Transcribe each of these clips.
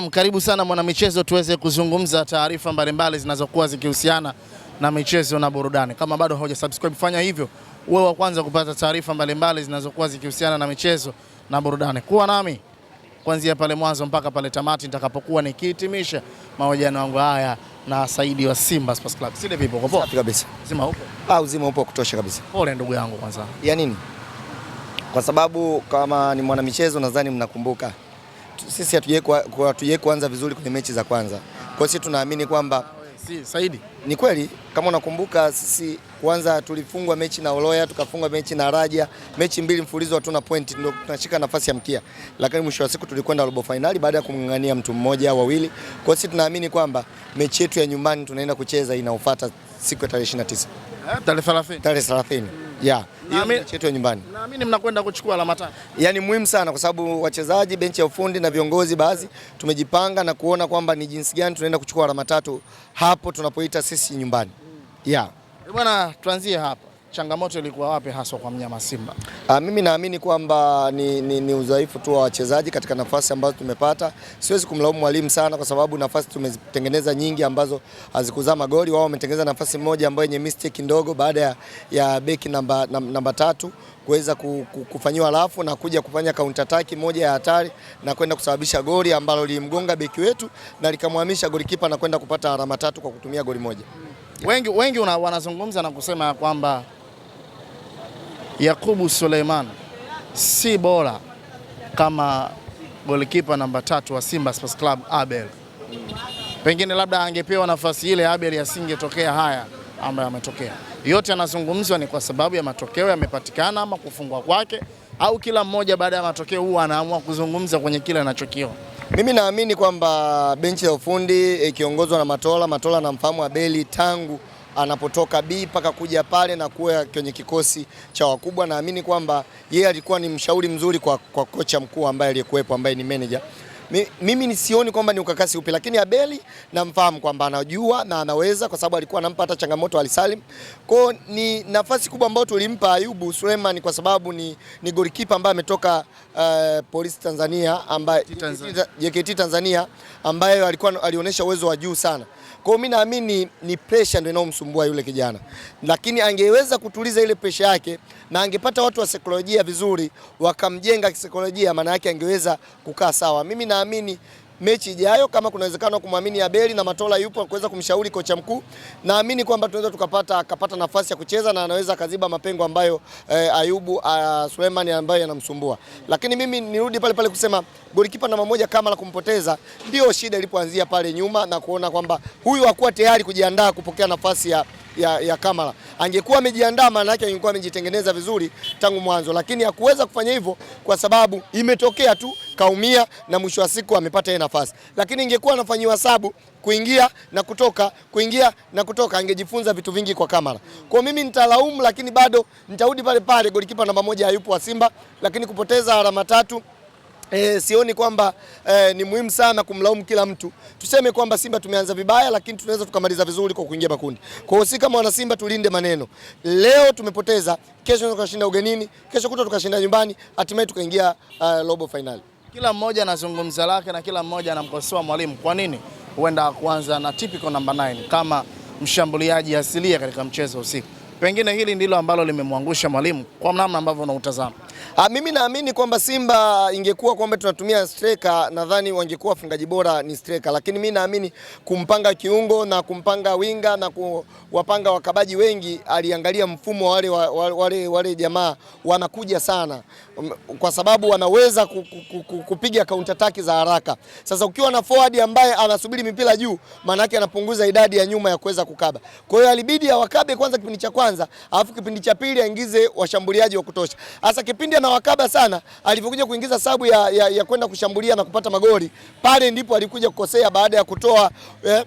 Naam, karibu sana mwanamichezo, tuweze kuzungumza taarifa mbalimbali zinazokuwa zikihusiana na michezo na burudani. Kama bado subscribe, fanya hivyo uwe wa kwanza kupata taarifa mbalimbali zinazokuwa zikihusiana na michezo na burudani. Kuwa nami kuanzia pale mwanzo mpaka pale tamati nitakapokuwa nikihitimisha mahojiano yangu haya na Saidi wa Simba Sports Club. Sile vipo kwa poa? Safi kabisa. Uzima upo? Ah, uzima upo kutosha kabisa. Pole ndugu yangu kwanza. Ya nini? Kwa sababu kama ni mwanamichezo nadhani mnakumbuka sisi hatujawai kuanza vizuri kwenye mechi za kwanza. Kwa hiyo sisi tunaamini kwamba si, Saidi ni kweli, kama unakumbuka sisi kwanza tulifungwa mechi na Oloya, tukafungwa mechi na Raja, mechi mbili mfulizo hatuna point, ndio tunashika nafasi ya mkia, lakini mwisho wa siku tulikwenda robo finali baada ya kumng'ang'ania mtu mmoja au wawili. Kwa hiyo sisi tunaamini kwamba mechi yetu ya nyumbani tunaenda kucheza inaofuata siku ya tarehe 29 eh, tarehe 30 tarehe 30 yeah mechi yetu ya nyumbani. Naamini mnakwenda kuchukua alama tatu. Yaani muhimu sana kwa sababu wachezaji, benchi ya ufundi na viongozi baadhi tumejipanga na kuona kwamba ni jinsi gani tunaenda kuchukua alama tatu hapo tunapoita sisi nyumbani. Mm. Yeah. Eh, bwana tuanzie hapa changamoto ilikuwa wapi haswa kwa mnyama Simba? A, ah, mimi naamini kwamba ni, ni, ni udhaifu tu wa wachezaji katika nafasi ambazo tumepata. Siwezi kumlaumu mwalimu sana, kwa sababu nafasi tumezitengeneza nyingi ambazo hazikuzaa magoli. Wao wametengeneza nafasi moja ambayo yenye mistake ndogo baada ya, ya beki namba, namba tatu kuweza kufanyiwa rafu na kuja kufanya counter attack moja ya hatari na kwenda kusababisha goli ambalo lilimgonga beki wetu na likamhamisha golikipa na kwenda kupata alama tatu kwa kutumia goli moja. Wengi, wengi una, wanazungumza na kusema kwamba Yakubu Suleiman si bora kama golikipa namba tatu wa Simba Sports Club Abel. Pengine labda angepewa nafasi ile, Abel asingetokea haya ambayo ametokea. Yote yanazungumzwa ni kwa sababu ya matokeo yamepatikana ama kufungwa kwake, au kila mmoja baada ya matokeo huwa anaamua kuzungumza kwenye kile anachokiona. Mimi naamini kwamba benchi ya ufundi eh, ikiongozwa na Matola, Matola anamfahamu Abeli tangu anapotoka B mpaka kuja pale na kuwa kwenye kikosi cha wakubwa. Naamini kwamba yeye alikuwa ni mshauri mzuri kwa, kwa kocha mkuu ambaye aliyekuwepo ambaye ni manager. Mimi nisioni kwamba ni ukakasi upi, lakini Abeli namfahamu kwamba anajua na anaweza, kwa sababu alikuwa anampa hata changamoto Alisalim. Kwao ni nafasi kubwa ambayo tulimpa Ayubu Suleiman, kwa sababu ni, ni golikipa ambaye ametoka uh, eh, polisi Tanzania ambaye JKT Tanzania ambaye alikuwa alionyesha uwezo wa juu sana. Kwa mimi naamini ni pressure ndio inayomsumbua yule kijana, lakini angeweza kutuliza ile pressure yake na angepata watu wa saikolojia vizuri, wakamjenga kisaikolojia, maana yake angeweza kukaa sawa. Mimi naamini mechi ijayo, kama kuna uwezekano kumwamini Abeli na Matola yupo kuweza kumshauri kocha mkuu, naamini kwamba tunaweza tukapata akapata nafasi ya kucheza na anaweza akaziba mapengo ambayo eh, Ayubu eh, ah, Sulemani ambayo yanamsumbua. Lakini mimi nirudi pale pale kusema golikipa namba moja kama la kumpoteza, ndio shida ilipoanzia pale nyuma na kuona kwamba huyu hakuwa tayari kujiandaa kupokea nafasi ya ya, ya Kamara. Angekuwa amejiandaa maana yake angekuwa amejitengeneza vizuri tangu mwanzo, lakini hakuweza kufanya hivyo kwa sababu imetokea tu kaumia na mwisho wa siku amepata yeye nafasi, lakini ingekuwa anafanyiwa sabu kuingia na kutoka, kuingia na kutoka, angejifunza vitu vingi kwa kamera. Kwa mimi nitalaumu, lakini bado nitarudi pale pale, golikipa namba moja hayupo wa Simba, lakini kupoteza alama tatu E, sioni kwamba e, ni muhimu sana kumlaumu kila mtu. Tuseme kwamba Simba tumeanza vibaya, lakini tunaweza tukamaliza vizuri kwa kuingia makundi. Kwa hiyo si kama wana Simba tulinde maneno. Leo tumepoteza, kesho tunashinda ugenini, kesho kutwa tukashinda nyumbani, hatimaye tukaingia uh, robo finali. Kila mmoja anazungumza lake na kila mmoja anamkosoa mwalimu. Kwa nini? Huenda kuanza na typical number 9 kama mshambuliaji asilia katika mchezo usiku pengine hili ndilo ambalo limemwangusha mwalimu kwa namna ambavyo unautazama. Ah, mimi naamini kwamba Simba ingekuwa kwamba tunatumia striker, nadhani wangekuwa wafungaji bora ni striker, lakini mimi naamini kumpanga kiungo na kumpanga winga na kuwapanga wakabaji wengi, aliangalia mfumo wale, wale, wale, wale jamaa wanakuja sana um, kwa sababu wanaweza kupiga counter attack za haraka. Sasa ukiwa na forward ambaye anasubiri mipira juu, maana yake anapunguza idadi ya nyuma ya kuweza kukaba. Kwa hiyo alibidi awakabe kwanza kipindi cha kwanza kwanza, alafu kipindi cha pili aingize washambuliaji wa kutosha. Hasa kipindi anawakaba sana, alivyokuja kuingiza sabu ya, ya, ya kwenda kushambulia na kupata magoli, pale ndipo alikuja kukosea baada ya kutoa eh,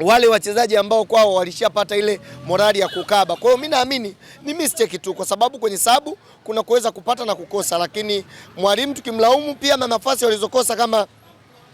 wale wachezaji ambao kwao walishapata ile morali ya kukaba. Kwa hiyo mimi naamini ni mistake tu, kwa sababu kwenye sabu kuna kuweza kupata na kukosa, lakini mwalimu tukimlaumu pia na nafasi walizokosa kama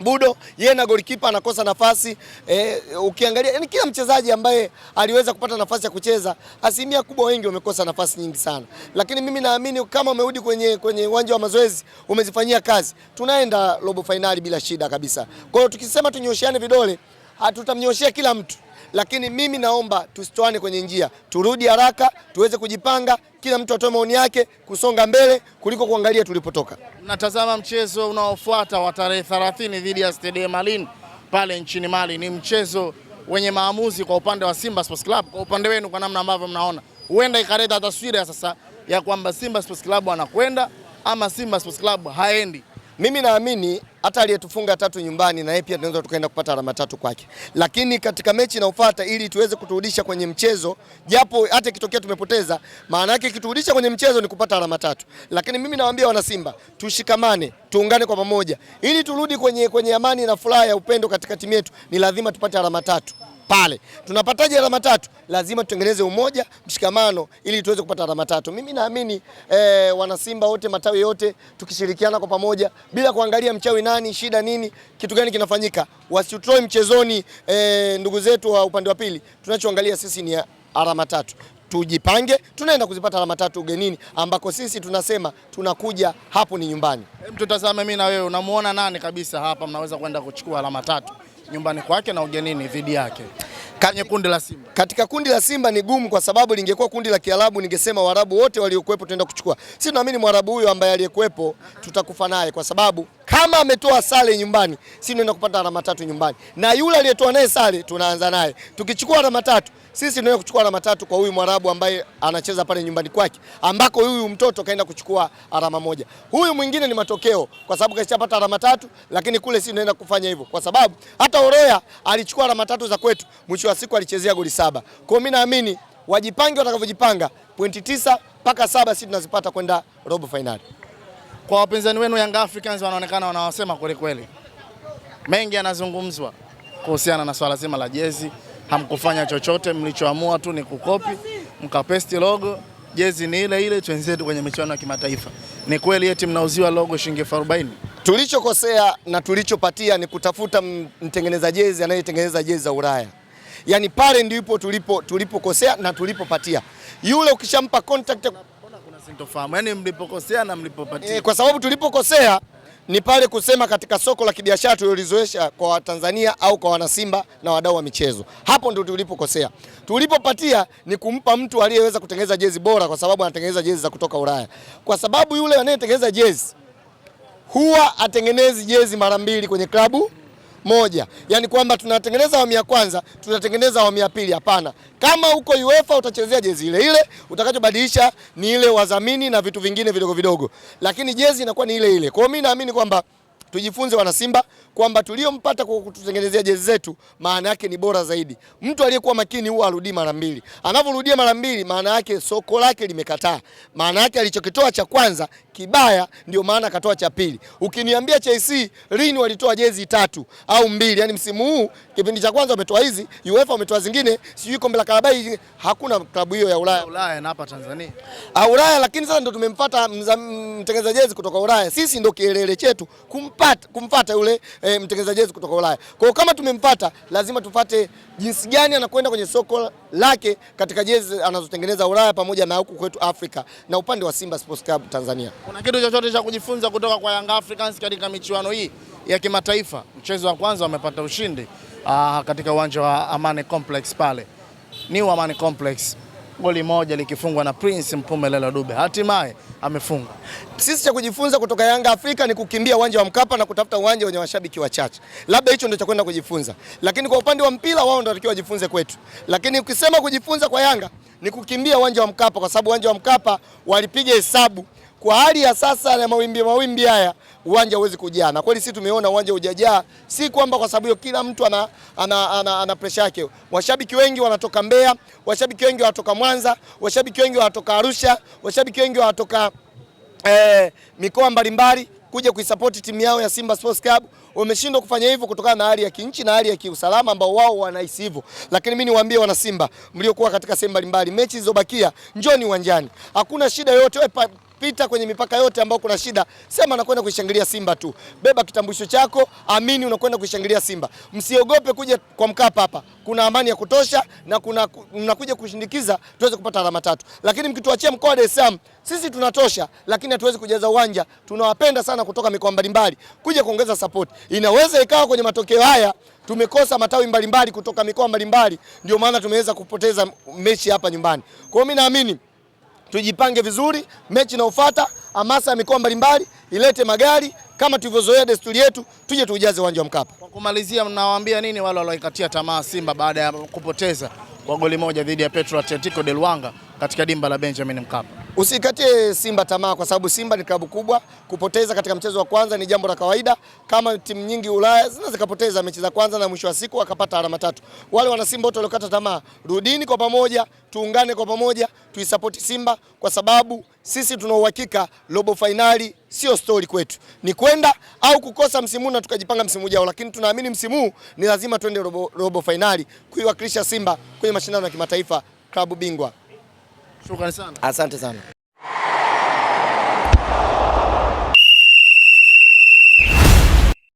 Budo yeye na golikipa anakosa nafasi e, ukiangalia yani kila mchezaji ambaye aliweza kupata nafasi ya kucheza, asilimia kubwa wengi wamekosa nafasi nyingi sana, lakini mimi naamini kama umerudi kwenye kwenye uwanja wa mazoezi umezifanyia kazi, tunaenda robo fainali bila shida kabisa. Kwa hiyo tukisema tunyosheane vidole, hatutamnyoshia kila mtu lakini mimi naomba tusitoane kwenye njia, turudi haraka tuweze kujipanga, kila mtu atoe maoni yake kusonga mbele kuliko kuangalia tulipotoka. Natazama mchezo unaofuata wa tarehe 30 dhidi ya Stade Malien pale nchini Mali. Ni mchezo wenye maamuzi kwa upande wa Simba Sports Club, kwa upande wenu, kwa namna ambavyo mnaona huenda ikaleta taswira sasa ya kwamba Simba Sports Club anakwenda ama Simba Sports Club haendi. Mimi naamini hata aliyetufunga tatu nyumbani na yeye pia tunaweza tukaenda kupata alama tatu kwake, lakini katika mechi inayofuata, ili tuweze kuturudisha kwenye mchezo, japo hata ikitokea tumepoteza, maana yake kiturudisha kwenye mchezo ni kupata alama tatu. Lakini mimi nawaambia wana Simba, tushikamane, tuungane kwa pamoja, ili turudi kwenye, kwenye amani na furaha ya upendo katika timu yetu, ni lazima tupate alama tatu pale. Tunapataje alama tatu? Lazima tutengeneze umoja, mshikamano ili tuweze kupata alama tatu. Mimi naamini eh, wanasimba wote matawi yote tukishirikiana kwa pamoja bila kuangalia mchawi nani, shida nini, kitu gani kinafanyika. Wasitutoe mchezoni eh, ndugu zetu wa upande wa pili. Tunachoangalia sisi ni alama tatu. Tujipange, tunaenda kuzipata alama tatu ugenini, ambako sisi tunasema tunakuja hapo ni nyumbani. Hem, tutazame mimi na wewe, unamuona nani kabisa hapa mnaweza kwenda kuchukua alama tatu? nyumbani kwake na ugenini dhidi yake kwenye kundi la Simba. Katika kundi la Simba ni gumu kwa sababu lingekuwa kundi la Kiarabu ningesema Waarabu wote waliokuwepo tunaenda kuchukua. Sisi tunaamini Mwarabu huyo ambaye aliyekuwepo tutakufa naye kwa sababu kama ametoa sare nyumbani, si tunaenda kupata alama tatu nyumbani, na yule aliyetoa naye sare tunaanza naye. Tukichukua alama tatu, sisi tunaenda kuchukua alama tatu kwa huyu Mwarabu ambaye anacheza pale nyumbani kwake, ambako huyu mtoto kaenda kuchukua alama moja. Huyu mwingine ni matokeo, kwa sababu kashapata alama tatu, lakini kule si tunaenda kufanya hivyo, kwa sababu hata Oroya alichukua alama tatu za kwetu, mwisho wa siku alichezea goli saba. Kwa mimi naamini wajipange, watakavyojipanga pointi tisa mpaka saba, sisi tunazipata kwenda robo fainali kwa wapinzani wenu Young Africans wanaonekana wanawasema kweli kweli, mengi yanazungumzwa kuhusiana na swala zima la jezi. Hamkufanya chochote, mlichoamua tu ni kukopi, mkapesti logo, jezi ni ile ile, twenzetu kwenye michuano ya kimataifa. Ni kweli eti mnauziwa logo shilingi 40? Tulichokosea na tulichopatia ni kutafuta mtengeneza jezi anayetengeneza jezi za Ulaya. Yaani pale ndipo tulipokosea na tulipopatia yule, ukishampa contact Sintofahamu. Yaani mlipokosea na mlipopatia. E, kwa sababu tulipokosea ni pale kusema katika soko la kibiashara tulilizoesha kwa Watanzania au kwa wanasimba na wadau wa michezo. Hapo ndio tulipokosea. Tulipopatia ni kumpa mtu aliyeweza kutengeneza jezi bora, kwa sababu anatengeneza jezi za kutoka Ulaya, kwa sababu yule anayetengeneza jezi huwa atengenezi jezi mara mbili kwenye klabu moja, yaani kwamba tunatengeneza awamu ya kwanza, tunatengeneza awamu ya pili. Hapana, kama huko UEFA utachezea jezi ile ile, utakachobadilisha ni ile wadhamini na vitu vingine vidogo vidogo, lakini jezi inakuwa ni ile ile. Kwa hiyo mimi naamini kwamba Tujifunze wana Simba kwamba tuliyompata kwa kututengenezea jezi zetu maana yake ni bora zaidi. Mtu aliyekuwa makini huwa arudi mara mbili, anavyorudia mara mbili maana yake soko lake limekataa. Maana yake alichokitoa cha kwanza kibaya, ndio maana akatoa cha pili. Ukiniambia Chelsea lini walitoa jezi tatu au mbili? Yani msimu huu kipindi cha kwanza wametoa hizi, UEFA wametoa zingine, sijui kombe la Karabai, hakuna klabu hiyo ya Ulaya, Ulaya na hapa Tanzania au ah, Ulaya. Lakini sasa ndio tumemfuata mtengeneza jezi kutoka Ulaya, sisi ndio kielele chetu kumpa kumpata, kumfata yule e, eh, mtengeneza jezi kutoka Ulaya. Kwa kama tumempata, lazima tupate jinsi gani anakwenda kwenye soko lake katika jezi anazotengeneza Ulaya pamoja na huku kwetu Afrika na upande wa Simba Sports Club Tanzania. Kuna kitu chochote cha kujifunza kutoka kwa Young Africans katika michuano hii ya kimataifa? Mchezo wa kwanza wamepata ushindi aa, ah, katika uwanja wa Amani Complex pale. Ni Amani Complex goli moja likifungwa na Prince Mpumelelo Dube, hatimaye amefunga. Sisi cha kujifunza kutoka Yanga Afrika ni kukimbia uwanja wa Mkapa na kutafuta uwanja wenye washabiki wachache, labda hicho ndio cha kwenda kujifunza, lakini kwa upande wa mpira wao ndio watakiwa wajifunze kwetu. Lakini ukisema kujifunza kwa Yanga ni kukimbia uwanja wa Mkapa, kwa sababu uwanja wa Mkapa walipiga hesabu kwa hali ya sasa na mawimbi mawimbi haya uwanja huwezi kujaa, na kweli sisi tumeona uwanja hujajaa, si kwamba kwa sababu hiyo kila mtu ana, ana, ana, ana presha yake. Washabiki wengi wanatoka Mbeya, washabiki wengi wanatoka Mwanza, washabiki wengi wanatoka Arusha, washabiki wengi wanatoka eh, mikoa mbalimbali kuja kuisapoti timu yao ya Simba Sports Club wameshindwa kufanya hivyo kutokana na hali ya kinchi na hali ya kiusalama ambao wao wanahisi hivyo. Lakini mimi niwaambie wana Simba mliokuwa katika sehemu mbalimbali, mechi zilizobakia njoni uwanjani, hakuna shida yoyote pita kwenye mipaka yote ambayo kuna shida, sema nakwenda kuishangilia Simba tu, beba kitambulisho chako, amini unakwenda kuishangilia Simba. Msiogope kuja kwa Mkapa, hapa kuna amani ya kutosha na kuna mnakuja kushindikiza tuweze kupata alama tatu, lakini mkituachia mkoa wa Dar es Salaam sisi tunatosha, lakini hatuwezi kujaza uwanja. Tunawapenda sana kutoka mikoa mbalimbali kuja kuongeza support. Inaweza ikawa kwenye matokeo haya tumekosa matawi mbalimbali kutoka mikoa mbalimbali, ndio maana tumeweza kupoteza mechi hapa nyumbani. Kwa hiyo mimi naamini tujipange vizuri, mechi inayofuata hamasa ya mikoa mbalimbali ilete magari kama tulivyozoea desturi yetu, tuje tuujaze uwanja wa Mkapa. Kwa kumalizia, mnawaambia nini wale walioikatia tamaa Simba baada ya kupoteza kwa goli moja dhidi ya Petro Atletico de Luanga katika dimba la Benjamin Mkapa? Usikatie Simba tamaa kwa sababu Simba ni klabu kubwa. Kupoteza katika mchezo wa kwanza ni jambo la kawaida, kama timu nyingi Ulaya zinaweza zikapoteza mechi za kwanza na mwisho wa siku wakapata alama tatu. Wale wana Simba wote waliokata tamaa, rudini kwa pamoja, tuungane kwa pamoja, tuisapoti Simba kwa sababu sisi tuna uhakika robo fainali sio stori kwetu, ni kwenda au kukosa msimu na tukajipanga msimu ujao, lakini tunaamini msimu ni lazima tuende robo, robo fainali kuiwakilisha Simba kwenye mashindano ya kimataifa klabu bingwa. Shukrani sana. Asante sana.